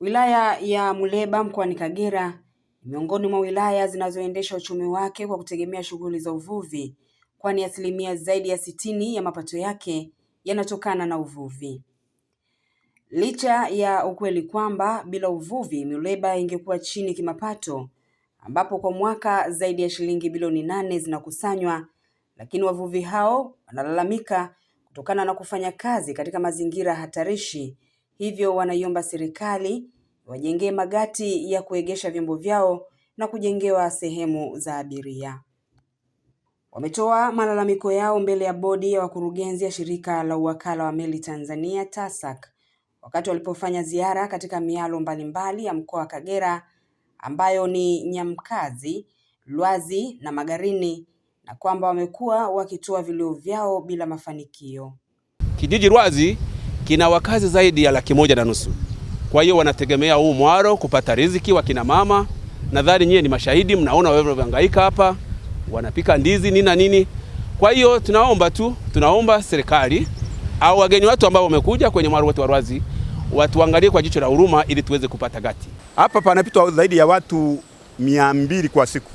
Wilaya ya Muleba mkoani Kagera ni miongoni mwa wilaya zinazoendesha uchumi wake kwa kutegemea shughuli za uvuvi, kwani asilimia zaidi ya sitini ya mapato yake yanatokana na uvuvi. Licha ya ukweli kwamba bila uvuvi Muleba ingekuwa chini kimapato, ambapo kwa mwaka zaidi ya shilingi bilioni nane zinakusanywa, lakini wavuvi hao wanalalamika kutokana na kufanya kazi katika mazingira hatarishi hivyo wanaiomba serikali wajengee magati ya kuegesha vyombo vyao na kujengewa sehemu za abiria. Wametoa malalamiko yao mbele ya bodi ya wakurugenzi ya shirika la uwakala wa meli Tanzania TASAC wakati walipofanya ziara katika mialo mbalimbali ya mkoa wa Kagera ambayo ni Nyamkazi, Lwazi na Magarini na kwamba wamekuwa wakitoa vilio vyao bila mafanikio. Kijiji Lwazi kina wakazi zaidi ya laki moja na nusu. Kwa hiyo wanategemea huu mwaro kupata riziki, kina mama nadhani nyie ni mashahidi, mnaona wanavyohangaika hapa, wanapika ndizi nini nini. Kwa hiyo tunaomba tu, tunaomba serikali au wageni watu ambao wamekuja kwenye mwaro wetu wa Rwazi watuangalie kwa jicho la huruma ili tuweze kupata gati. Hapa panapitwa zaidi ya watu mia mbili kwa siku,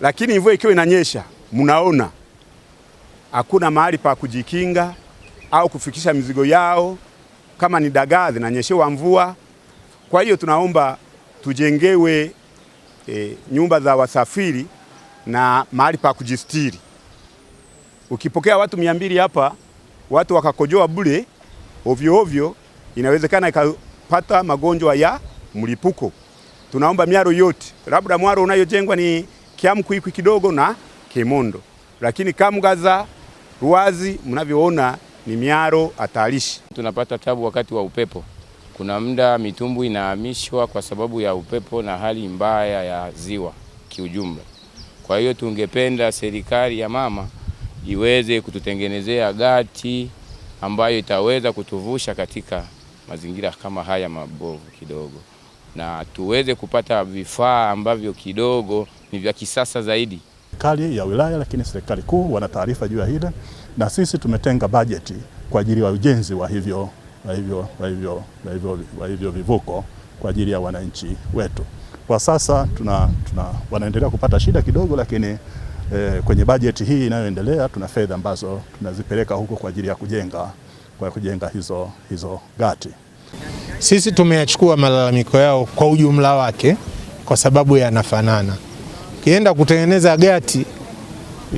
lakini mvua ikiwa inanyesha, mnaona hakuna mahali pa kujikinga au kufikisha mizigo yao, kama ni dagaa zinanyeshewa mvua. Kwa hiyo tunaomba tujengewe e, nyumba za wasafiri na mahali pa kujistiri. Ukipokea watu mia mbili hapa, watu wakakojoa bure ovyo ovyo, inawezekana ikapata magonjwa ya mlipuko. Tunaomba miaro yote, labda mwaro unayojengwa ni Kiamkwikwi kidogo na Kemondo, lakini kamgaza Ruwazi mnavyoona ni miaro hatarishi. Tunapata tabu wakati wa upepo, kuna muda mitumbu inahamishwa kwa sababu ya upepo na hali mbaya ya ziwa kiujumla. Kwa hiyo tungependa serikali ya mama iweze kututengenezea gati ambayo itaweza kutuvusha katika mazingira kama haya mabovu kidogo, na tuweze kupata vifaa ambavyo kidogo ni vya kisasa zaidi serikali ya wilaya, lakini serikali kuu wana taarifa juu ya hili, na sisi tumetenga bajeti kwa ajili ya ujenzi wa hivyo, wa hivyo, wa hivyo, wa hivyo, wa hivyo vivuko kwa ajili ya wananchi wetu. Kwa sasa tuna, tuna, wanaendelea kupata shida kidogo, lakini eh, kwenye bajeti hii inayoendelea tuna fedha ambazo tunazipeleka huko kwa ajili ya kujenga, kwa kujenga hizo, hizo gati. Sisi tumeyachukua malalamiko yao kwa ujumla wake kwa sababu yanafanana ukienda kutengeneza gati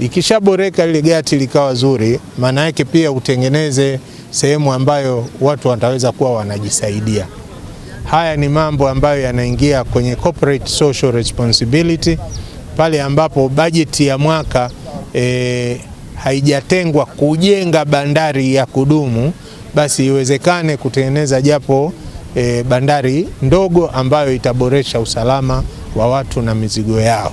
likishaboreka lile gati likawa zuri, maana yake pia utengeneze sehemu ambayo watu wataweza kuwa wanajisaidia. Haya ni mambo ambayo yanaingia kwenye corporate social responsibility pale ambapo bajeti ya mwaka e, haijatengwa kujenga bandari ya kudumu, basi iwezekane kutengeneza japo e, bandari ndogo ambayo itaboresha usalama wa watu na mizigo yao.